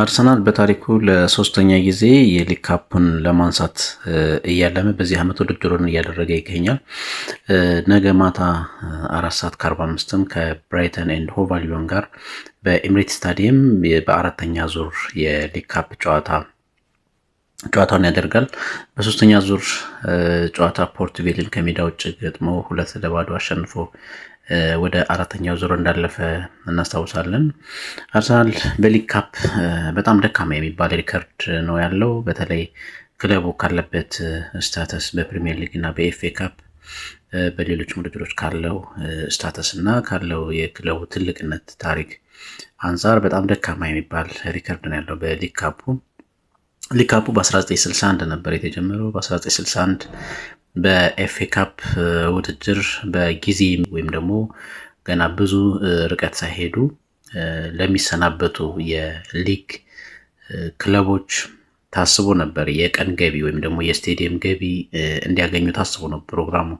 አርሰናል በታሪኩ ለሶስተኛ ጊዜ የሊግ ካፑን ለማንሳት እያለመ በዚህ ዓመት ውድድሩን እያደረገ ይገኛል። ነገ ማታ አራት ሰዓት ከአርባ አምስትም ከብራይተን ኤንድ ሆቫሊዮን ጋር በኤምሬት ስታዲየም በአራተኛ ዙር የሊግ ካፕ ጨዋታ ጨዋታውን ያደርጋል። በሶስተኛ ዙር ጨዋታ ፖርት ቬልን ከሜዳ ውጭ ገጥሞ ሁለት ለባዶ አሸንፎ ወደ አራተኛው ዙር እንዳለፈ እናስታውሳለን። አርሰናል በሊግ ካፕ በጣም ደካማ የሚባል ሪከርድ ነው ያለው። በተለይ ክለቡ ካለበት ስታተስ በፕሪሚየር ሊግ እና በኤፍኤ ካፕ በሌሎች ውድድሮች ካለው ስታተስ እና ካለው የክለቡ ትልቅነት ታሪክ አንጻር በጣም ደካማ የሚባል ሪከርድ ነው ያለው በሊግ ካፑ ሊካፑ በ1961 ነበር የተጀመረው። በ1961 በኤፌ ካፕ ውድድር በጊዜ ወይም ደግሞ ገና ብዙ ርቀት ሳይሄዱ ለሚሰናበቱ የሊግ ክለቦች ታስቦ ነበር። የቀን ገቢ ወይም ደግሞ የስቴዲየም ገቢ እንዲያገኙ ታስቦ ነው ፕሮግራሙ።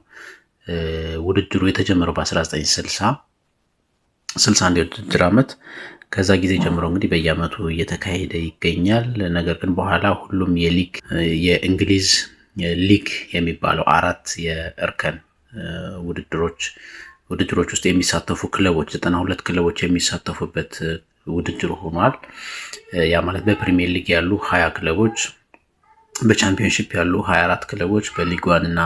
ውድድሩ የተጀመረው በ1960 ስልሳ አንድ የውድድር ዓመት ከዛ ጊዜ ጀምሮ እንግዲህ በየዓመቱ እየተካሄደ ይገኛል። ነገር ግን በኋላ ሁሉም የሊግ የእንግሊዝ ሊግ የሚባለው አራት የእርከን ውድድሮች ውድድሮች ውስጥ የሚሳተፉ ክለቦች ዘጠና ሁለት ክለቦች የሚሳተፉበት ውድድር ሆኗል። ያ ማለት በፕሪሚየር ሊግ ያሉ ሀያ ክለቦች፣ በቻምፒዮንሺፕ ያሉ ሀያ አራት ክለቦች፣ በሊግ ዋን እና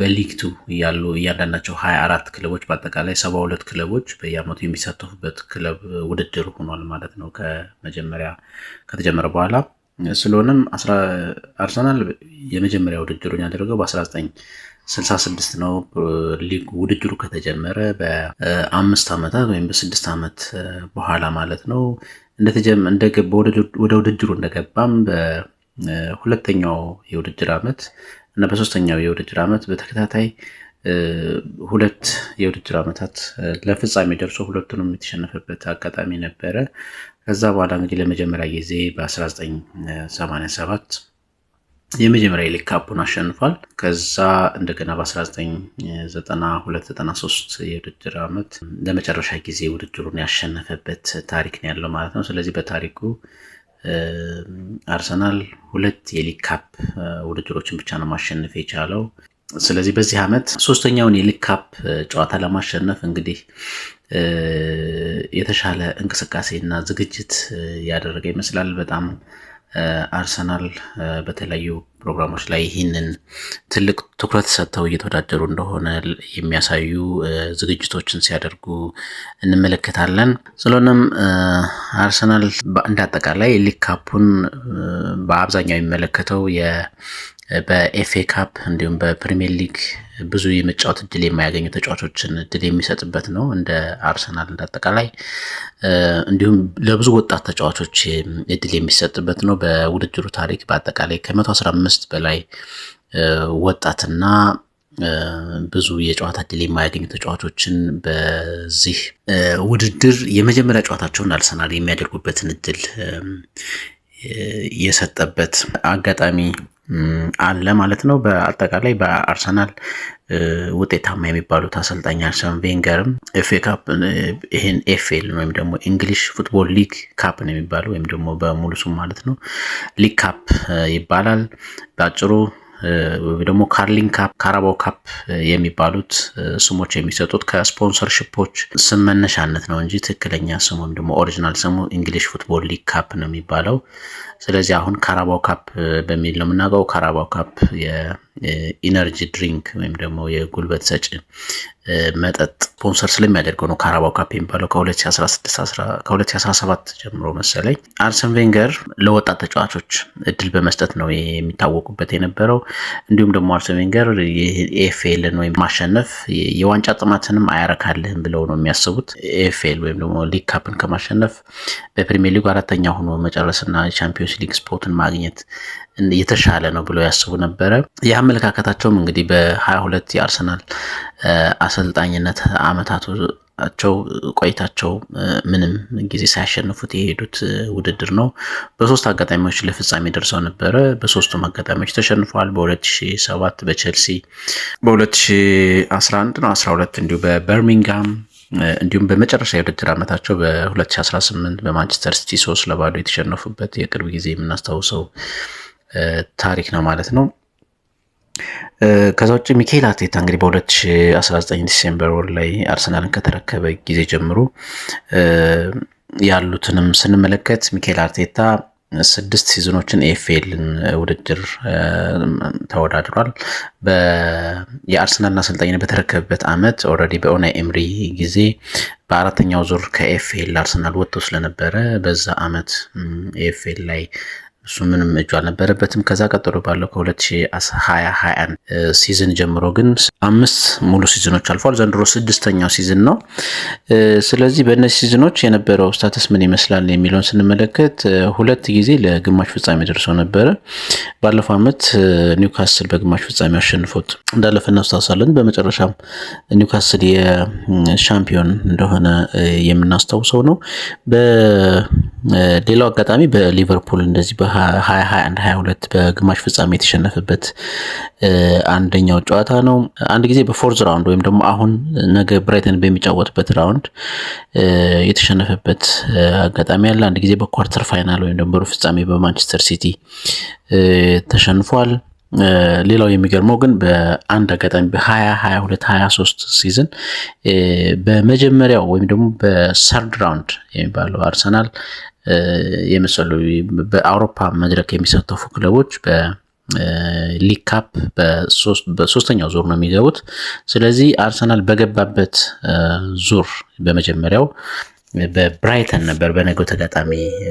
በሊግ ቱ ያሉ እያንዳንዳቸው 24 ክለቦች በአጠቃላይ 72 ክለቦች በየአመቱ የሚሳተፉበት ክለብ ውድድር ሆኗል ማለት ነው ከመጀመሪያ ከተጀመረ በኋላ። ስለሆነም አርሰናል የመጀመሪያ ውድድሩን ያደረገው በ1966 ነው። ሊግ ውድድሩ ከተጀመረ በአምስት ዓመታት ወይም በስድስት ዓመት በኋላ ማለት ነው። ወደ ውድድሩ እንደገባም በሁለተኛው የውድድር ዓመት እና በሶስተኛው የውድድር ዓመት በተከታታይ ሁለት የውድድር ዓመታት ለፍጻሜ ደርሶ ሁለቱንም የተሸነፈበት አጋጣሚ ነበረ። ከዛ በኋላ እንግዲህ ለመጀመሪያ ጊዜ በ1987 የመጀመሪያ ሊግ ካፑን አሸንፏል። ከዛ እንደገና በ1992/93 የውድድር ዓመት ለመጨረሻ ጊዜ ውድድሩን ያሸነፈበት ታሪክ ነው ያለው ማለት ነው። ስለዚህ በታሪኩ አርሰናል ሁለት የሊግ ካፕ ውድድሮችን ብቻ ነው ማሸነፍ የቻለው። ስለዚህ በዚህ ዓመት ሶስተኛውን የሊግ ካፕ ጨዋታ ለማሸነፍ እንግዲህ የተሻለ እንቅስቃሴና ዝግጅት ያደረገ ይመስላል። በጣም አርሰናል በተለያዩ ፕሮግራሞች ላይ ይህንን ትልቅ ትኩረት ሰጥተው እየተወዳደሩ እንደሆነ የሚያሳዩ ዝግጅቶችን ሲያደርጉ እንመለከታለን። ስለሆነም አርሰናል እንደ አጠቃላይ በአብዛኛው የሚመለከተው በኤፍኤ ካፕ እንዲሁም በፕሪሚየር ሊግ ብዙ የመጫወት እድል የማያገኙ ተጫዋቾችን እድል የሚሰጥበት ነው። እንደ አርሰናል እንዳጠቃላይ እንዲሁም ለብዙ ወጣት ተጫዋቾች እድል የሚሰጥበት ነው። በውድድሩ ታሪክ በአጠቃላይ ከ115 በላይ ወጣትና ብዙ የጨዋታ እድል የማያገኙ ተጫዋቾችን በዚህ ውድድር የመጀመሪያ ጨዋታቸውን አርሰናል የሚያደርጉበትን እድል የሰጠበት አጋጣሚ አለ ማለት ነው። በአጠቃላይ በአርሰናል ውጤታማ የሚባሉት አሰልጣኝ አርሰን ቬንገርም ኤፍኤ ካፕ ይህን ኤፍኤል ወይም ደግሞ እንግሊሽ ፉትቦል ሊግ ካፕ ነው የሚባለው ወይም ደግሞ በሙሉ ሱም ማለት ነው ሊግ ካፕ ይባላል በአጭሩ ደግሞ ካርሊንግ ካፕ፣ ካራባው ካፕ የሚባሉት ስሞች የሚሰጡት ከስፖንሰርሽፖች ስም መነሻነት ነው እንጂ ትክክለኛ ስሙ ወይም ደግሞ ኦሪጂናል ስሙ እንግሊሽ ፉትቦል ሊግ ካፕ ነው የሚባለው። ስለዚህ አሁን ካራባው ካፕ በሚል ነው የምናውቀው። ካራባው ካፕ ኢነርጂ ድሪንክ ወይም ደግሞ የጉልበት ሰጪ መጠጥ ስፖንሰር ስለሚያደርገው ነው ካራባው ካፕ የሚባለው ከ2017 ጀምሮ መሰለኝ። አርሰን ቬንገር ለወጣት ተጫዋቾች እድል በመስጠት ነው የሚታወቁበት የነበረው። እንዲሁም ደግሞ አርሰን ቬንገር ኤፍኤልን ወይም ማሸነፍ የዋንጫ ጥማትንም አያረካልህም ብለው ነው የሚያስቡት። ኤፍኤል ወይም ደግሞ ሊግ ካፕን ከማሸነፍ በፕሪሚየር ሊጉ አራተኛ ሆኖ መጨረስና ቻምፒዮንስ ሊግ ስፖርትን ማግኘት የተሻለ ነው ብሎ ያስቡ ነበረ። ይህ አመለካከታቸውም እንግዲህ በሀያ ሁለት የአርሰናል አሰልጣኝነት አመታቱ ቸው ቆይታቸው ምንም ጊዜ ሳያሸንፉት የሄዱት ውድድር ነው። በሶስት አጋጣሚዎች ለፍጻሜ ደርሰው ነበረ። በሶስቱም አጋጣሚዎች ተሸንፈዋል። 207 በቼልሲ በ2011 ነው 12 እንዲሁ በበርሚንግሃም እንዲሁም በመጨረሻ የውድድር ዓመታቸው በ2018 በማንቸስተር ሲቲ ሶስት ለባዶ የተሸነፉበት የቅርብ ጊዜ የምናስታውሰው ታሪክ ነው ማለት ነው። ከዛ ውጭ ሚካኤል አርቴታ እንግዲህ በ2019 ዲሴምበር ወር ላይ አርሰናልን ከተረከበ ጊዜ ጀምሮ ያሉትንም ስንመለከት ሚካኤል አርቴታ ስድስት ሲዝኖችን ኤፍኤልን ውድድር ተወዳድሯል። የአርሰናል አሰልጣኝነት በተረከበበት አመት ኦልሬዲ በኦናይ ኤምሪ ጊዜ በአራተኛው ዙር ከኤፍኤል አርሰናል ወጥቶ ስለነበረ በዛ አመት ኤፍኤል ላይ እሱ ምንም እጁ አልነበረበትም። ከዛ ቀጥሎ ባለው ከ2021 ሲዝን ጀምሮ ግን አምስት ሙሉ ሲዝኖች አልፏል። ዘንድሮ ስድስተኛው ሲዝን ነው። ስለዚህ በእነዚህ ሲዝኖች የነበረው ስታተስ ምን ይመስላል የሚለውን ስንመለከት ሁለት ጊዜ ለግማሽ ፍጻሜ ደርሰው ነበረ። ባለፈው ዓመት ኒውካስል በግማሽ ፍጻሜ አሸንፎት እንዳለፈ እናስታውሳለን። በመጨረሻም ኒውካስል የሻምፒዮን እንደሆነ የምናስታውሰው ነው። በሌላው አጋጣሚ በሊቨርፑል እንደዚህ ሀያ ሀያ አንድ ሀያ ሁለት በግማሽ ፍጻሜ የተሸነፈበት አንደኛው ጨዋታ ነው። አንድ ጊዜ በፎርዝ ራውንድ ወይም ደግሞ አሁን ነገ ብራይተን በሚጫወትበት ራውንድ የተሸነፈበት አጋጣሚ ያለ፣ አንድ ጊዜ በኳርተር ፋይናል ወይም ደግሞ ፍጻሜ በማንቸስተር ሲቲ ተሸንፏል። ሌላው የሚገርመው ግን በአንድ አጋጣሚ በ20 23 ሲዝን በመጀመሪያው ወይም ደግሞ በሰርድ ራውንድ የሚባለው አርሰናል የመሰሉ በአውሮፓ መድረክ የሚሳተፉ ክለቦች በሊግ ካፕ በሶስተኛው ዙር ነው የሚገቡት። ስለዚህ አርሰናል በገባበት ዙር በመጀመሪያው በብራይተን ነበር በነገው ተጋጣሚ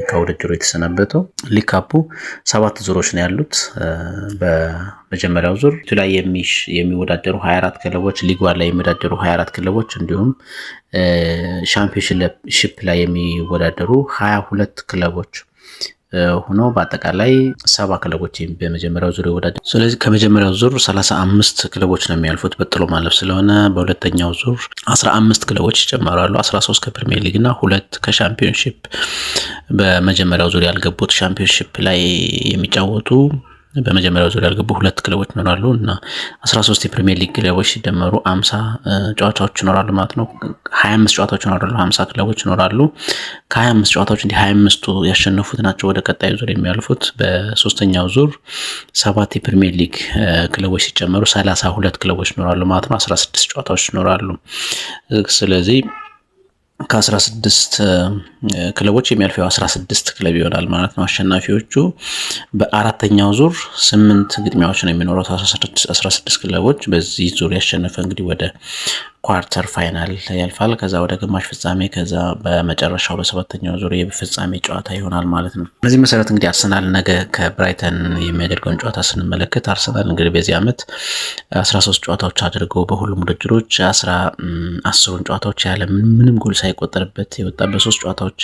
ከውድድሩ የተሰናበተው። ሊካፑ ሰባት ዙሮች ነው ያሉት። በመጀመሪያው ዙር ቱ ላይ የሚወዳደሩ 24 ክለቦች፣ ሊጓ ላይ የሚወዳደሩ 24 ክለቦች እንዲሁም ሻምፒዮንሺፕ ላይ የሚወዳደሩ 22 ክለቦች ሆኖ በአጠቃላይ ሰባ ክለቦች በመጀመሪያው ዙር ይወዳጅ። ስለዚህ ከመጀመሪያው ዙር 35 ክለቦች ነው የሚያልፉት በጥሎ ማለፍ ስለሆነ በሁለተኛው ዙር 15 ክለቦች ይጨመራሉ። 13 ከፕሪሚየር ሊግ እና ሁለት ከሻምፒዮንሺፕ በመጀመሪያው ዙር ያልገቡት ሻምፒዮንሺፕ ላይ የሚጫወቱ በመጀመሪያው ዙሪያ ያልገቡ ሁለት ክለቦች ይኖራሉ እና 13 የፕሪሚየር ሊግ ክለቦች ሲደመሩ 50 ጨዋታዎች ይኖራሉ ማለት ነው። 25 ጨዋታዎች ይኖራሉ፣ 50 ክለቦች ይኖራሉ። ከ25 ጨዋታዎች እንዲህ 25ቱ ያሸነፉት ናቸው ወደ ቀጣዩ ዙር የሚያልፉት። በሶስተኛው ዙር ሰባት የፕሪሚየር ሊግ ክለቦች ሲጨመሩ 32 ክለቦች ይኖራሉ ማለት ነው። 16 ጨዋታዎች ይኖራሉ። ስለዚህ ከ16 ክለቦች የሚያልፈው 16 ክለብ ይሆናል ማለት ነው። አሸናፊዎቹ በአራተኛው ዙር ስምንት ግጥሚያዎች ነው የሚኖረው 16 ክለቦች። በዚህ ዙር ያሸነፈ እንግዲህ ወደ ኳርተር ፋይናል ያልፋል። ከዛ ወደ ግማሽ ፍጻሜ፣ ከዛ በመጨረሻው በሰባተኛው ዙር የፍጻሜ ጨዋታ ይሆናል ማለት ነው። በዚህ መሰረት እንግዲህ አርሰናል ነገ ከብራይተን የሚያደርገውን ጨዋታ ስንመለከት አርሰናል እንግዲህ በዚህ ዓመት 13 ጨዋታዎች አድርገው በሁሉም ውድድሮች አስሩን ጨዋታዎች ያለ ምንም ጎል ሳይቆጠርበት የወጣ በሶስት ጨዋታዎች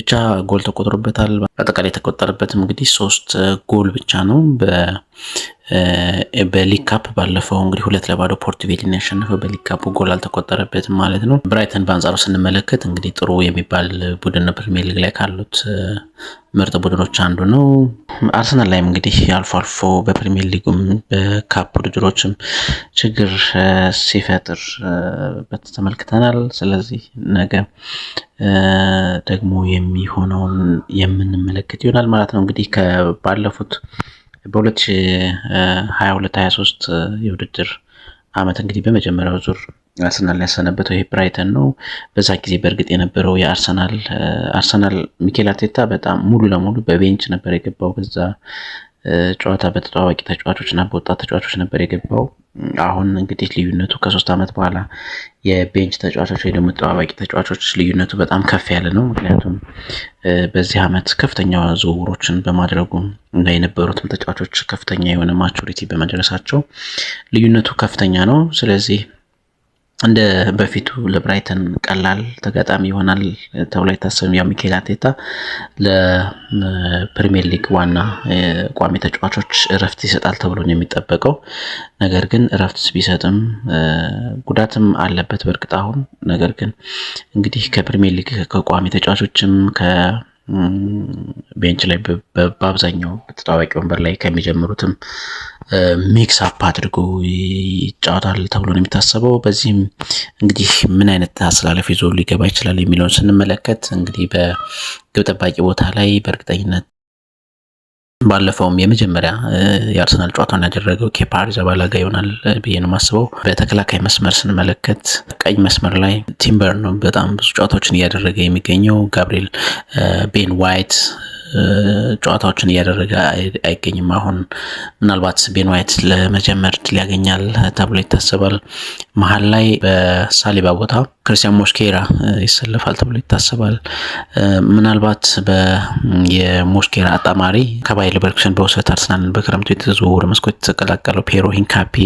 ብቻ ጎል ተቆጥሮበታል። አጠቃላይ የተቆጠረበትም እንግዲህ ሶስት ጎል ብቻ ነው። በሊግ ካፕ ባለፈው እንግዲህ ሁለት ለባዶ ፖርት ያሸነፈው በሊግ ጎል አልተቆጠረበትም ማለት ነው። ብራይተን በአንጻሩ ስንመለከት እንግዲህ ጥሩ የሚባል ቡድን ፕሪሚየር ሊግ ላይ ካሉት ምርጥ ቡድኖች አንዱ ነው። አርሰናል ላይም እንግዲህ አልፎ አልፎ በፕሪሚየር ሊጉም በካፕ ውድድሮችም ችግር ሲፈጥር ተመልክተናል። ስለዚህ ነገ ደግሞ የሚሆነውን የምንመለከት ይሆናል ማለት ነው እንግዲህ ከባለፉት በ2022/23 የውድድር ዓመት እንግዲህ በመጀመሪያው ዙር አርሰናል ያሰነበተው ይሄ ብራይተን ነው። በዛ ጊዜ በእርግጥ የነበረው የአርሰናል አርሰናል ሚኬል አርቴታ በጣም ሙሉ ለሙሉ በቤንች ነበር የገባው በዛ ጨዋታ በተጠዋዋቂ ተጫዋቾች እና በወጣት ተጫዋቾች ነበር የገባው። አሁን እንግዲህ ልዩነቱ ከሶስት ዓመት በኋላ የቤንች ተጫዋቾች ወይ ደግሞ ተጠዋዋቂ ተጫዋቾች ልዩነቱ በጣም ከፍ ያለ ነው። ምክንያቱም በዚህ ዓመት ከፍተኛ ዝውውሮችን በማድረጉ እና የነበሩትም ተጫዋቾች ከፍተኛ የሆነ ማቹሪቲ በመድረሳቸው ልዩነቱ ከፍተኛ ነው። ስለዚህ እንደ በፊቱ ለብራይተን ቀላል ተጋጣሚ ይሆናል ተብሎ አይታሰብም። ያው ሚኬል አርቴታ ለፕሪሚየር ሊግ ዋና ቋሚ ተጫዋቾች እረፍት ይሰጣል ተብሎ ነው የሚጠበቀው። ነገር ግን እረፍት ቢሰጥም ጉዳትም አለበት በእርግጥ አሁን። ነገር ግን እንግዲህ ከፕሪሚየር ሊግ ከቋሚ ተጫዋቾችም ቤንች ላይ በአብዛኛው ተጣዋቂ ወንበር ላይ ከሚጀምሩትም ሚክስ አፕ አድርጎ ይጫወታል ተብሎ ነው የሚታሰበው። በዚህም እንግዲህ ምን አይነት አሰላለፍ ይዞ ሊገባ ይችላል የሚለውን ስንመለከት እንግዲህ በግብ ጠባቂ ቦታ ላይ በእርግጠኝነት ባለፈውም የመጀመሪያ የአርሰናል ጨዋታን ያደረገው ኬፓ አሪዛባላጋ ይሆናል ብዬ ነው ማስበው በተከላካይ መስመር ስንመለከት ቀኝ መስመር ላይ ቲምበር ነው በጣም ብዙ ጨዋታዎችን እያደረገ የሚገኘው። ጋብሪኤል ቤን ዋይት ጨዋታዎችን እያደረገ አይገኝም። አሁን ምናልባት ቤን ዋይት ለመጀመር ድል ያገኛል ተብሎ ይታሰባል። መሀል ላይ በሳሊባ ቦታ ክርስቲያን ሞስኬራ ይሰለፋል ተብሎ ይታሰባል። ምናልባት የሞስኬራ አጣማሪ ከባየር ሌቨርኩሰን በውሰት አርሰናልን በክረምቱ የተዘዋወረ መስኮት የተቀላቀለው ፔሮ ሂንካፔ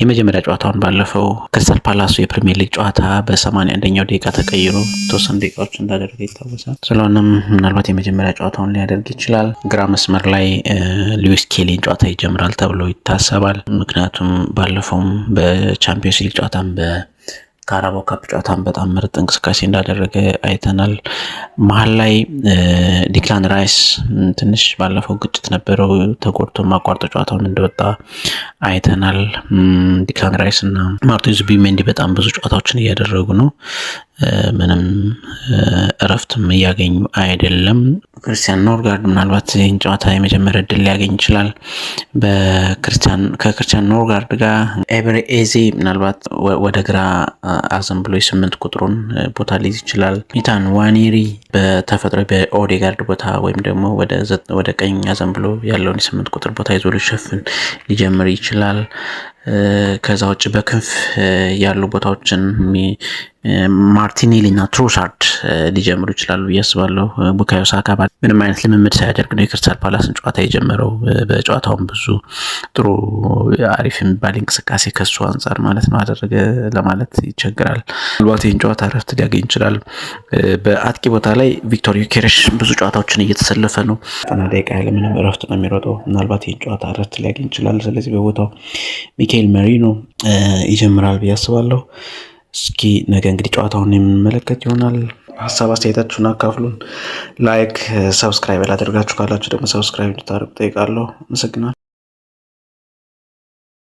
የመጀመሪያ ጨዋታውን ባለፈው ክሪስታል ፓላሱ የፕሪሚየር ሊግ ጨዋታ በሰማንያ አንደኛው ደቂቃ ተቀይሮ የተወሰኑ ደቂቃዎች እንዳደረገ ይታወሳል። ስለሆነም ምናልባት የመጀመሪያ ጨዋታውን ሊያደርግ ይችላል። ግራ መስመር ላይ ሉዊስ ኬሊን ጨዋታ ይጀምራል ተብሎ ይታሰባል። ምክንያቱም ባለፈውም በቻምፒዮንስ ሊግ ጨዋታም በ ከአረባው ካፕ ጨዋታን በጣም ምርጥ እንቅስቃሴ እንዳደረገ አይተናል። መሀል ላይ ዲክላን ራይስ ትንሽ ባለፈው ግጭት ነበረው ተጎድቶ ማቋርጦ ጨዋታውን እንደወጣ አይተናል። ዲክላን ራይስ እና ማርቲን ዙቢሜንዲ በጣም ብዙ ጨዋታዎችን እያደረጉ ነው። ምንም እረፍትም እያገኙ አይደለም። ክርስቲያን ኖርጋርድ ምናልባት ይህን ጨዋታ የመጀመሪያ እድል ሊያገኝ ይችላል። ከክርስቲያን ኖርጋርድ ጋር ኤብሬ ኤዜ ምናልባት ወደ ግራ አዘን ብሎ የስምንት ቁጥሩን ቦታ ሊይዝ ይችላል። ኢታን ዋኔሪ በተፈጥሮ በኦዴጋርድ ቦታ ወይም ደግሞ ወደ ቀኝ አዘንብሎ ያለውን የስምንት ቁጥር ቦታ ይዞ ሊሸፍን ሊጀምር ይችላል። ከዛ ውጭ በክንፍ ያሉ ቦታዎችን እና ትሮሳርድ ሊጀምሩ ይችላሉ ብዬ አስባለሁ። ቡካዮ ሳካ ምንም አይነት ልምምድ ሳያደርግ ነው የክርስታል ፓላስን ጨዋታ የጀመረው። በጨዋታውም ብዙ ጥሩ አሪፍ የሚባል እንቅስቃሴ ከሱ አንጻር ማለት ነው አደረገ ለማለት ይቸግራል። ምናልባት ይህን ጨዋታ እረፍት ሊያገኝ ይችላል። በአጥቂ ቦታ በአጠቃላይ ቪክቶር ዩኬሬሽ ብዙ ጨዋታዎችን እየተሰለፈ ነው። ጠና ደቂቃ ያለምንም እረፍት ነው የሚሮጠው። ምናልባት ይህን ጨዋታ እረፍት ሊያገኝ ይችላል። ስለዚህ በቦታው ሚካኤል መሪኖ ይጀምራል ብዬ አስባለሁ። እስኪ ነገ እንግዲህ ጨዋታውን የምንመለከት ይሆናል። ሀሳብ አስተያየታችሁን አካፍሉን። ላይክ፣ ሰብስክራይብ ላደርጋችሁ ካላችሁ ደግሞ ሰብስክራይብ እንድታደርጉ ጠይቃለሁ። አመሰግናል።